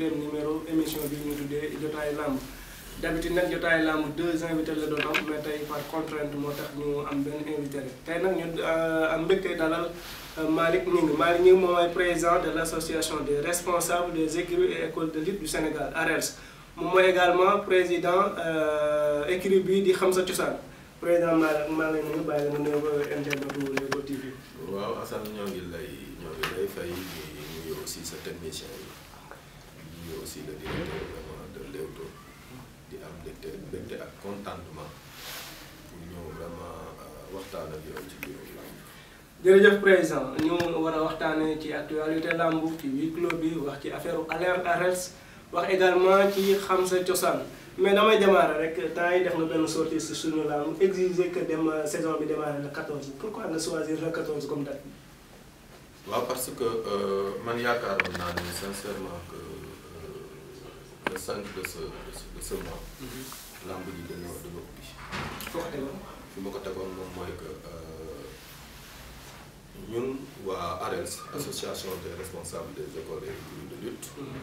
quatrième numéro émission bi ñu tuddee jotaayu làmb d'habitude nag jotaayu làmb deux invités la doon am mais par contrainte moo tax ñu am benn invité rek tey nag ñu euh, am mbégte dalal euh, Malick Gningue Malick Gningue moom mooy président de l'association des responsables des écuries écoles de lutte du Sénégal ARELS moom mooy également président euh, écurie bi di xam sa cosaan président Malick maa ngi lay nuyu bàyyi la nga nuyu internet bu TV. waaw Assane ñoo ngi lay ñoo ngi lay fay ñu di aussi le directeur vraiment de Leewtoo di am mbégte mbégte ak contentement ñëw vraiment euh, waxtaan ak yow ci biir làmb jërëjëf président ñu war a waxtaanee ci actualité làmb ci huis clos bi wax ci affaire alerte AREELS wax également ci xam sa cosaan mais damay démarrer rek temps yi def na benn sortie si suñu làmb exiger que dem saison bi démarrer le 14 pourquoi nga choisir le 14 comme date. waaw parce que euh, man yaakaaroon naa ne sincèrement le 5 de ce de ce mois. lamb ji dañoo ubbi. fi ma ko tegoon moom mooy que ñun waa ARELS. association des responsables des écoles et groupes mhm.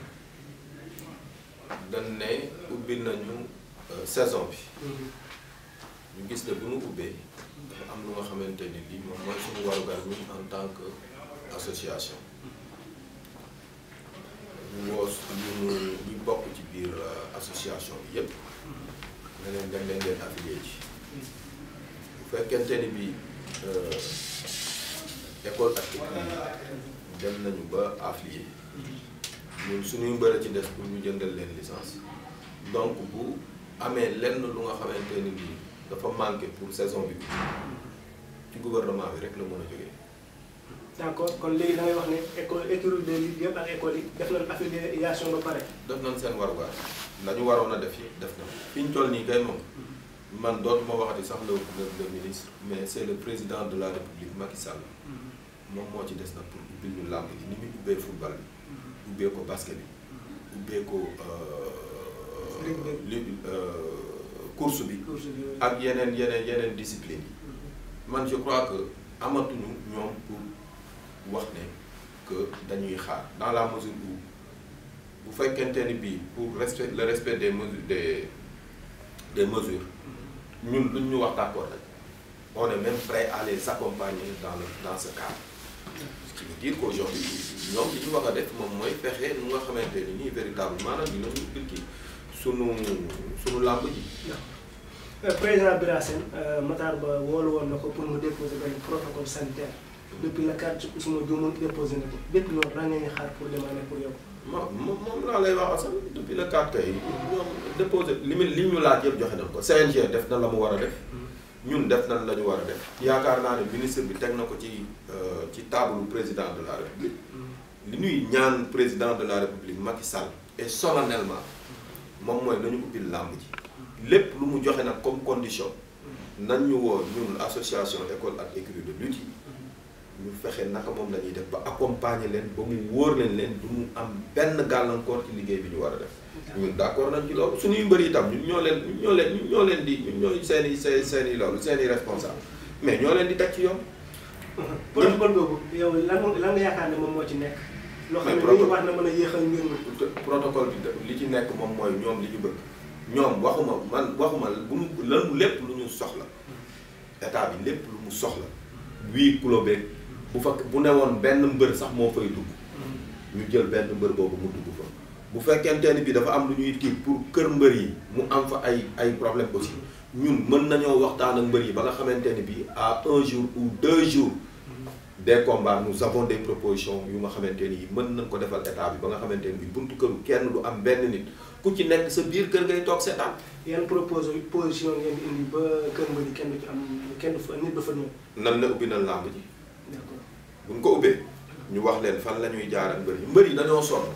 de ne ubbi nañu uh, saison bi. Mhm. ñu gis ne bi mu ubbee. dafa mhm. am lu nga xamante ni lii moom mooy suñu warugar ñun en tant que association. ñu woo ñu bokk ci biir euh, association bi yëpp ne leen dem leen ngeen affilié ci bu fekkente ni bi euh, école tactique yi dem nañu ba affilié ñun suñuy mbër ci des pour ñu jëndal leen licence donc bu amee lenn lu nga xamante ni bi dafa manqué pour saison bi ci gouvernement bi rek la mën a jógee d' accord kon léegi da ngay wax ne école écurie de lutte yëpp ak école yi def nañ affiliation ba pare. def nañ seen waruwaay nañu waroon a def yëpp def na fi ñu toll nii kay moom mhm. man dootuma waxati sax le le ministre mais c' le président de la république Macky Sall. Mhm. moom moo ci des nag pour ubbil ñu làmb gi ni muy ubbee football bi. Mhm. ubbee ko basket bi. ubbee ko. Euh, euh, course bi. ak yeneen yeneen yeneen discipline yi. man je crois que amatuñu ñoom pour. wax ne que dañuy xaar dans la mesure où bu fekkente ni bii pour respect le respect des mesures de des mesures lu luñ ñu wax d'accord rek on est même prêt à les accompagner dans le dans ce cadre ce qui veut ñoom li ñu wax a def moom mooy fexe nu nga xamante ni nii véritablement nag dinañu kii sunu sunu làmb ji. Euh, président Birasène euh, Matar Ba woolu woon na ko pour mu déposer benn protocole sanitaire. depuis la carte su ma juumoon déposé na ko bépp loolu lan ngeen xaar pour demander pour yow. ma moom laa lay wax asal depuis la carte kay ñoom déposé li mu li ñu laaj yëpp joxe nañ ko CNG def na la mu war a def. Hmm. ñun def nañ la ñu war a def. yaakaar naa ne ministre bi teg na ko ci euh, ci table président de la république. Hmm. li ñuy ñaan président de la république Macky Sall. et solennellement moom mooy nañu ubbi làmb ji. lépp lu mu joxe nag comme condition. Hmm. nañ ñu woo ñun association école ak écurie de yi ñu fexe naka moom la def ba accompagner leen ba mu wóor leen leen du mu am benn gàllankoor ci liggéey bi ñu war a def. ñun d' accord nañ ci loolu suñuy mbëri itam ñun ñoo leen ñoo leen ñun ñoo leen di ñun ñooy seen i seen seen i loolu seen responsable mais ñoo leen di teg ci yoon. protocole boobu yow lan lan nga yaakaar ne moom moo ci nekk. loo xam ne mën a yéexal mbir mi. protocole bi li ci nekk moom mooy ñoom li ñu bëgg ñoom waxuma man waxuma bu mu lan lépp lu ñu soxla hmm. état bi lépp lu mu soxla huit clos bu fa bu newoon benn mbër sax moo fay dugg mm. ñu jël benn mbër boobu mu dugg fa bu fekkente ni bi dafa am lu ñuy kii pour kër mbër yi mu am fa ay ay problème aussi mm. ñun mën nañoo waxtaan ak mbër yi ba nga xamante ni bi à un jour ou deux jours mm. des combats nous avons des propositions yu nga xamante ni mën nañ ko defal état bi ba nga xamante ni bi buntu këru kenn du am benn nit ku ci nekk sa biir kër ngay toog seetaan yan propos position ngeen indi ba kër mbër yi kenn du am kenn du fa nit du fa ñëw nan la ubbi na làmb ji buñ ko ubbee ñu wax leen fan la ñuy jaar ak mbër yi dañoo sonn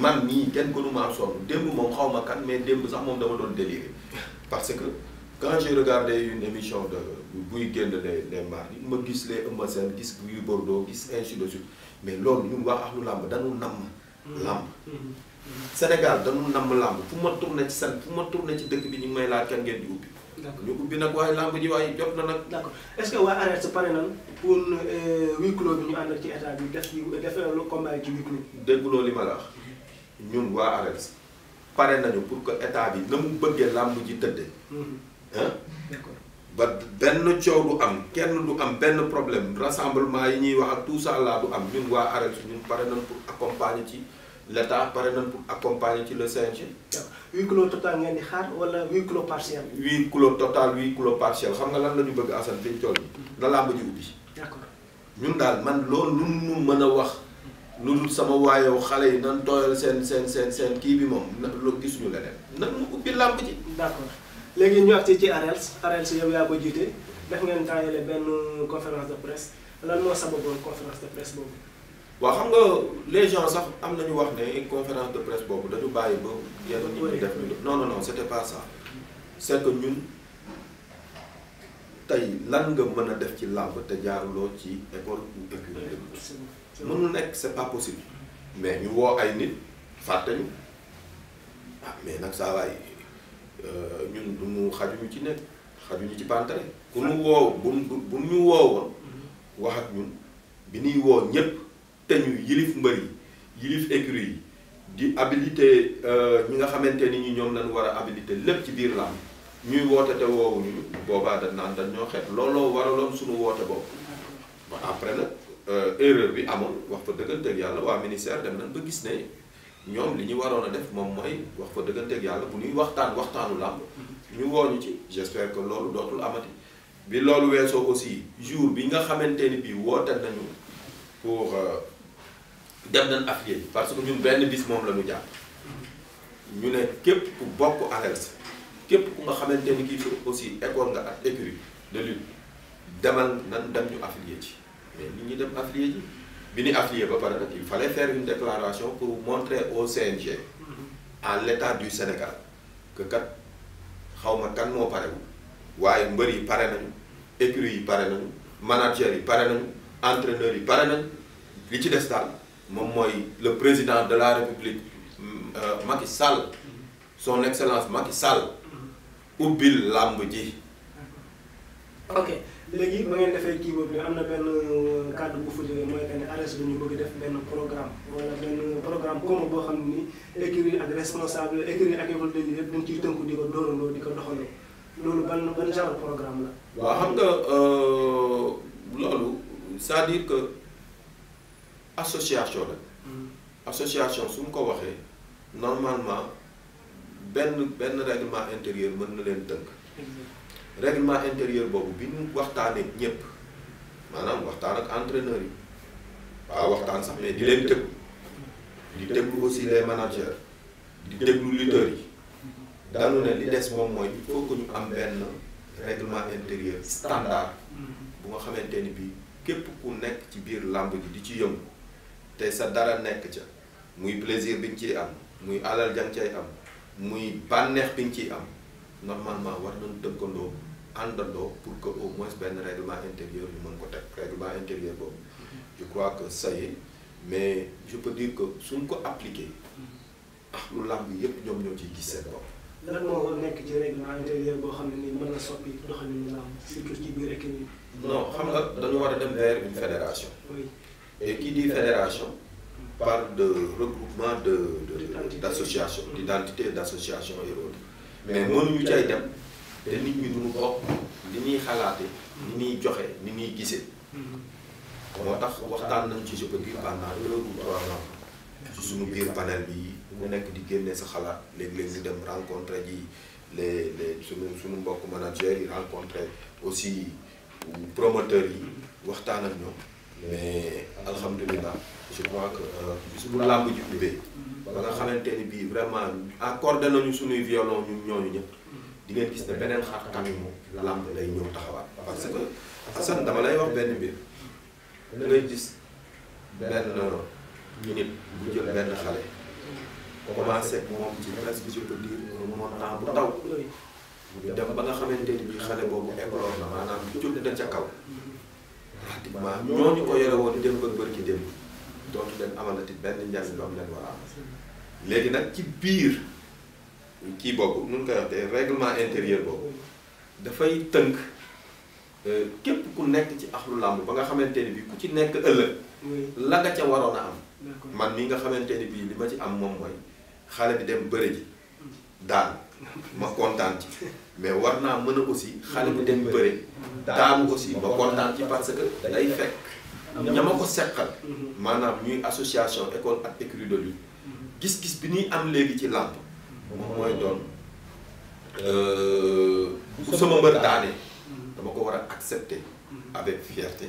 man nii kenn gënuma am sonn démb moom xaw ma kan mais démb sax moom dama doon déliré parce que quand j'ai une émission de buy génn les les mardis ma gis les Eumeu Sène gis Gris Bordeaux gis ainsi de suite mais loolu ñun wax ak lu làmb dañu namm làmb Sénégal dañu namm làmb fu ma tourné ci seen fu ma tourné ci dëkk bi ñu may laal kenn ngeen di ubbi ñu ubbi nag waaye làmb ji waaye jot na nag. d' accord est ce que waa ARS pare nañ pour euh, huis clos bi ñu àndal ci état bi def def lu combat ci huis clos. dégguloo li ma la wax ñun waa ARS pare nañu pour que état bi na mu bëggee làmb ji tëddee. ah mm-hmm. d' accord ba benn coow du am kenn du am benn problème rassemblement yi ñuy wax ak tout ça du am ñun waa ARS ñun pare nañ pour accompagner ci. l'État pare nañ pour accompagner ci le CNG. huis clos total ngeen di xaar wala huis clos partiel. huis clos total huis clos partiel xam nga lan la ñu bëgg Assane fi ñu toll la mm-hmm. làmb ji ubbi. ñun daal man loolu lu ñu mën a wax. lu dul sama waayew xale yi nan tooyal seen seen seen seen kii bi moom na lu gisuñu leneen. nan mu ubbi làmb ji. d'accord léegi ñu wax ci ci AREELS AREELS yow yaa ko jiite def ngeen taayale benn conférence de presse lan moo sababoon conférence de presse boobu. waaw xam nga les sax am nañu wax ne conférence de presse boobu dañu bàyyi ba yenn nit ñi def ñu non non non c'était pas ça c'est que ñun tey lan nga mën a def ci làmb te jaaruloo ci école ou école de lutte mënul nekk c'est pas possible mais ñu woo ay nit fàtte ñu ah, mais nag saa waay euh, ñun du mu ñu ci nekk xajuñu ci pantere ku ñu woo bu bu ñu woowoon mm-hmm. wax ak ñun bi ñuy woo ñépp te ñu yilif mbër yi yilif écurie yi di habilité euh, ñi nga xamante ni ñi ñoom lañu war a habilité lépp ci biir làmb ñuy woote te woowuñu boobaa dañ naan dañ ñoo xeet looloo waraloon suñu woote boobu ba après nag euh, erreur bi amoon wax fa dëgganteeg yàlla waa ministère dem nañ ba gis ne ñoom li ñu waroon a def moom mooy wax fa dëgganteeg yàlla bu ñuy waxtaan waxtaanu làmb ñu wooñu ci j'espère que loolu dootul amati bi loolu weesoo aussi jour bi nga xamante ni bii woote nañu euh, dem nañ affilié bi parce que ñun benn bis moom la ñu jàpp ñu ne képp ku bokk AREELS képp ku nga xamante ni kii aussi école nga ak écurie de lutte demal nan dem ñu affilié ci mais nit ñi dem affilié ji bi ñu affilié ba pare nag il fallait faire une déclaration pour montrer au CNG à l'état du Sénégal que kat xaw ma kan moo parewul waaye mbër yi pare nañu écurie yi pare nañu manager yi pare nañu entraîneur yi pare nañu li ci des daal moom mooy le président de la république euh, Macky Sall son excellence Macky Sall ubbil làmb ji. ok léegi ba ngeen defee kii boobu am na benn euh, kàddu bu fa jógee mooy que ne def benn programme wala benn programme comme xam ni écurie ak responsable écurie ak école de dañ ciy tënku di ko dóorandoo di ko doxaloo loolu ban ban genre programme la. waaw xam nga euh, loolu c'est-à-dire association la hmm. association su ñu ko waxee normalement benn benn règlement intérieur mën na leen tënk règlement intérieur boobu bi nu waxtaan waxtaanee ñépp maanaam waxtaan ak entraîneur yi waaw waxtaan sax mais di leen tëgg di déglu aussi les managers di déglu lutteurs yi hmm. daanu ne li des moom mooy il faut que ñu am benn règlement intérieur standard hmm. bu nga xamante ni bii képp ku nekk ci biir làmb ji di ci yëngu te sa dara nekk ca muy plaisir bi nga ciy am muy alal jang cay am muy bànneex bi nga ciy am normalement war nañ dëkkandoo àndandoo pour que au moins benn règlement intérieur bi mën ko teg règlement intérieur boobu mhm. je crois que ça mais je peux dire que suñ ko appliqué mhm. ah lu bi yëpp ñoom ñoo ciy gis seen bopp lan moo war nekk ci règlement intérieur boo xam ne ni mën na soppi doxalinu làmb xam nga dañu war a dem vers une Et qui dit fédération parle de regroupement de d'association d'identité d'association et autres mais mënuñu cay dem te nit ñi duñu bokk li ñuy xalaate ni ñuy joxe ni ñuy gisee mm-hmm. moo tax waxtaan nañ ci je peux suñu biir panel bi ku nekk di génne sa xalaat léeg-léeg ñu dem rencontré ji les les su suñu mbokk manager yi rencontré aussi promoteurs yi waxtaan ak ñoom mais alhamdulilah je crois que bis bu làmb ji ubbee ba nga xamante ni bii vraiment accordé nañu suñuy violon ñun ñooñu ñëpp di ngeen gis ne beneen xaar tamit moom làmb lay ñëw taxawaat parce que Assane dama lay wax benn mbir da gis benn nit bu jël benn xale commencé moom ci presque je peux dire montant bu taw dem ba nga xamante ni bii xale boobu école na maanaam bu jël da ca kaw pratiquement ñooñu ko yore woon démb ak bërki démb dootu leen amalati benn njariñ ba am leen war a amal léegi nag ci biir kii boobu nu ko koy wax te règlement intérieur boobu dafay tënk euh, képp ku nekk ci axlu làmb ba nga xamante ni bii ku ci nekk ëllëg la nga ca waroon a am man mi nga xamante ni bii li ma ci am moom mooy xale bi dem bëre ji daan ma kontaan ci mais war naa mën a aussi xale bu dem bëre daanu aussi ma kontaan ci parce que day fekk ña ma ko seqal mhm. maanaam ñuy association école ak écurie de lutte mhm. gis-gis bi ñuy am léegi ci làmb mhm. moom mooy doon euh, bu sama mbër daanee dama ko war a accepter avec fierté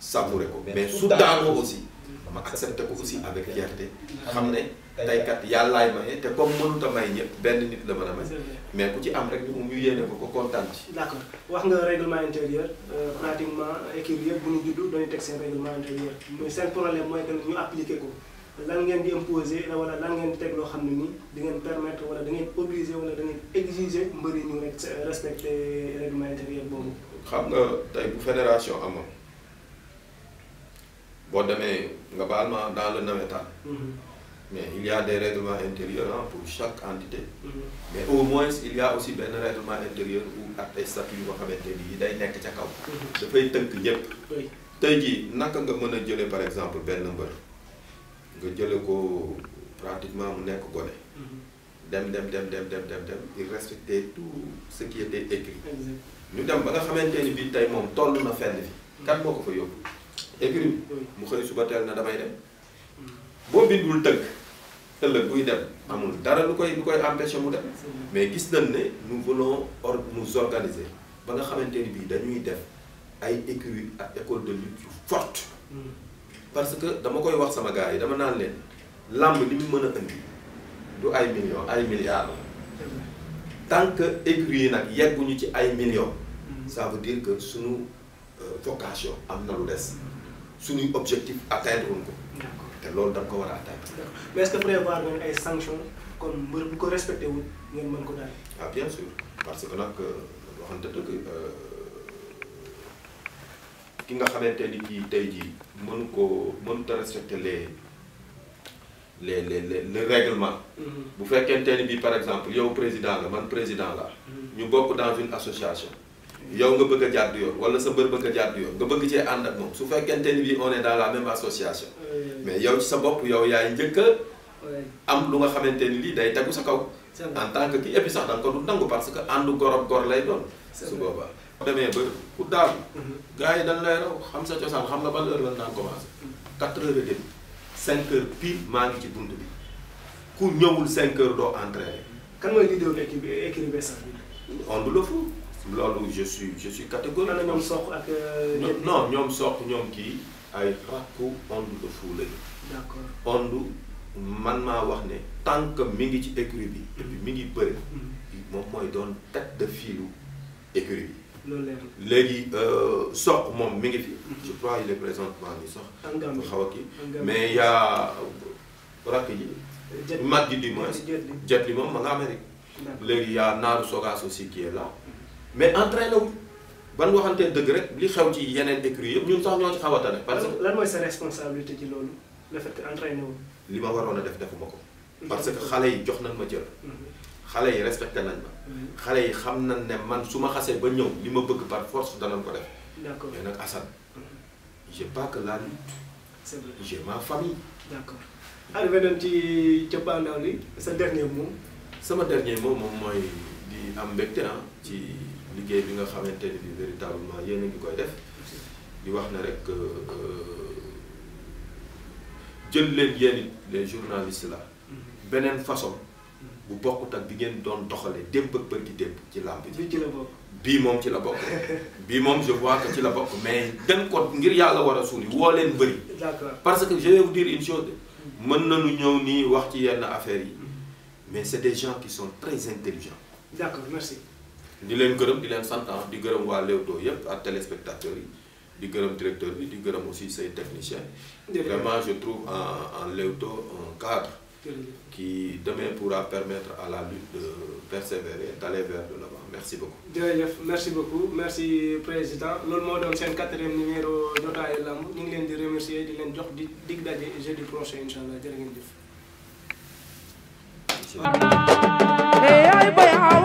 savouré ko mais su daanoo aussi dama accepté ko aussi avec fierté xam ne tey kat yàllaay maye te comme mënut a may ñëpp benn nit la mën a may mais ku ci am rek ñu ñu yéene ko ko kontaan ci. d' wax nga règlement intérieur euh, pratiquement équipe yëpp bu ñu juddu dañuy teg seen règlement intérieur mais seen problème mooy que ñu appliqué ko lan ngeen di imposer wala lan ngeen teg loo xam ne nii di ngeen permettre wala da ngeen obliger wala da ngeen exiger mbëri ñu rek respecté règlement intérieur boobu. xam nga bu fédération amoon. boo demee nga baal ma dans le nawetaan mhm. mais il y a des règlements intérieurs pour chaque entité mhm. mais au moins il y a aussi benn règlement intérieur ou ak ay statut yu nga xamante ni day nekk ca kaw mhm. dafay tënk yëpp tey jii naka nga mën a jële par exemple benn mbër nga jële ko pratiquement mu nekk gone dem dem dem dem dem dem dem il respectait tout ce qui était écrit ñu dem ba nga xamante ni bii tey moom toll na fenn fi kan moo ko fa yóbbu écurie mu xëy suba teel na damay dem boo bindul tënk ëllëg buy dem amul dara lu koy lu koy empêché mu dem mais gis nañ ne nous voulons or nous organiser ba nga xamante ni bii dañuy def ay écurie ak école de lutte yu parce que dama koy wax sama gars yi dama naan leen làmb li mu mën a indi du ay millions ay milliards tant que écurie yi nag yegguñu ci ay millions mm. ça veut dire que sunu euh, vocation am na lu des suñuy objectif atteindre wuñ ko. te loolu da ko war a atteindre. mais est ce que prévoir ay sanctions comme mbër bu ko respecté wul ngeen mën ko daal. ah bien sûr parce que nag euh, waxante dëgg euh, ki nga xamante ni kii tey jii mën koo mënut a respecté les les les les règlement. Mm-hmm. bu fekkente ni bii par exemple yow président la man président la mm-hmm. ñu bokk dans une association. yow nga bëgg a jàdd yoon wala sa bër bëgg a jàdd yoon nga bëgg cee ànd ak moom su fekkente ni bii on est dans la même association mais yow ci sa bopp yow yaay njëkk a am lu nga xamante ni lii day tegu sa kaw en tant que kii et sax da nga ko du nangu parce que àndu gor ak gor lay doon su boobaa demee ba ku daal mhm. gars yi dañ lay xam sa cosaan xam na ban heure lan daan commencé mhm. quatre heures et demie cinq heures pile maa ngi ci bunt bi ku ñëwul cinq heures doo entraîné loolu je suis je suis catégorique. ñoom soq ak. Euh, non ñoom soq ñoom ki ay rakku Onde de Fou lañu. d'accord Onde man maa wax ne tant que mi ngi ci écurie bi. et puis mi ngi mm. moom mooy doon tête de filu écurie bi. loolu leer euh, soq moom mi ngi fi. Mm. je crois il est présentement ni sax. engrais xaw a kii mais yaa rakk yi. jet li mag gi du moins jet li moom ma nga Amérique. léegi yaa naaru sogaas aussi qui est là. mais entraîné wu ban waxantee dëgg rek li xew ci yeneen écrits yëpp ñun sax ñoo ci xaw a tane parce que lan mooy sa responsabilité ci loolu le fekk entre entraîné wu. li ma waroon a def defuma ko. parce que xale yi jox nañ ma jël. Mhm. xale yi respecté nañ ma. Mhm. xale yi xam na ne man su ma xasee ba ñëw li ma bëgg par force danañ ko def. d'accord mais nag Assane. Mhm. j'ai pas que la lutte. c'est vrai j'ai ma famille. d'accord arrivé nañ ci cappaandaw li sa dernier mot. sama dernier mot moom mooy di am mbégte ah ci. liggéey bi nga xamante ni bi véritablement yéen a ngi koy def di wax ne rek euh, euh, jël leen yéen it les journalistes la mm-hmm. beneen façon mm-hmm. bu bokkut ak bi ngeen doon doxalee démb ak bërki démb ci làmb bi ci la bokk bii moom ci la bokk bii moom je vois que ci la bokk mais dañ ko ngir yàlla war a suuli woo leen bëri parce que je vais vous dire une chose mën nañu ñëw nii wax ci yenn affaires yi mm-hmm. mais c'est des gens qui sont très intelligents d'accord di leen gërëm di leen sant ah, di gërëm waa Leewtoo yëpp ak téléspectateurs yi di gërëm directeur bi di gërëm aussi say techniciens. vraiment je trouve en en Leewtoo un cadre. qui demain pourra permettre à la lutte de persévérer d'aller vers de l'avant merci beaucoup. jërëjëf merci beaucoup merci président loolu moo doon seen quatrième numéro jotaayu lamb ñu ngi leen di remercier di leen jox di dig daje jeudi prochain incha allah jërë ngeen jëf.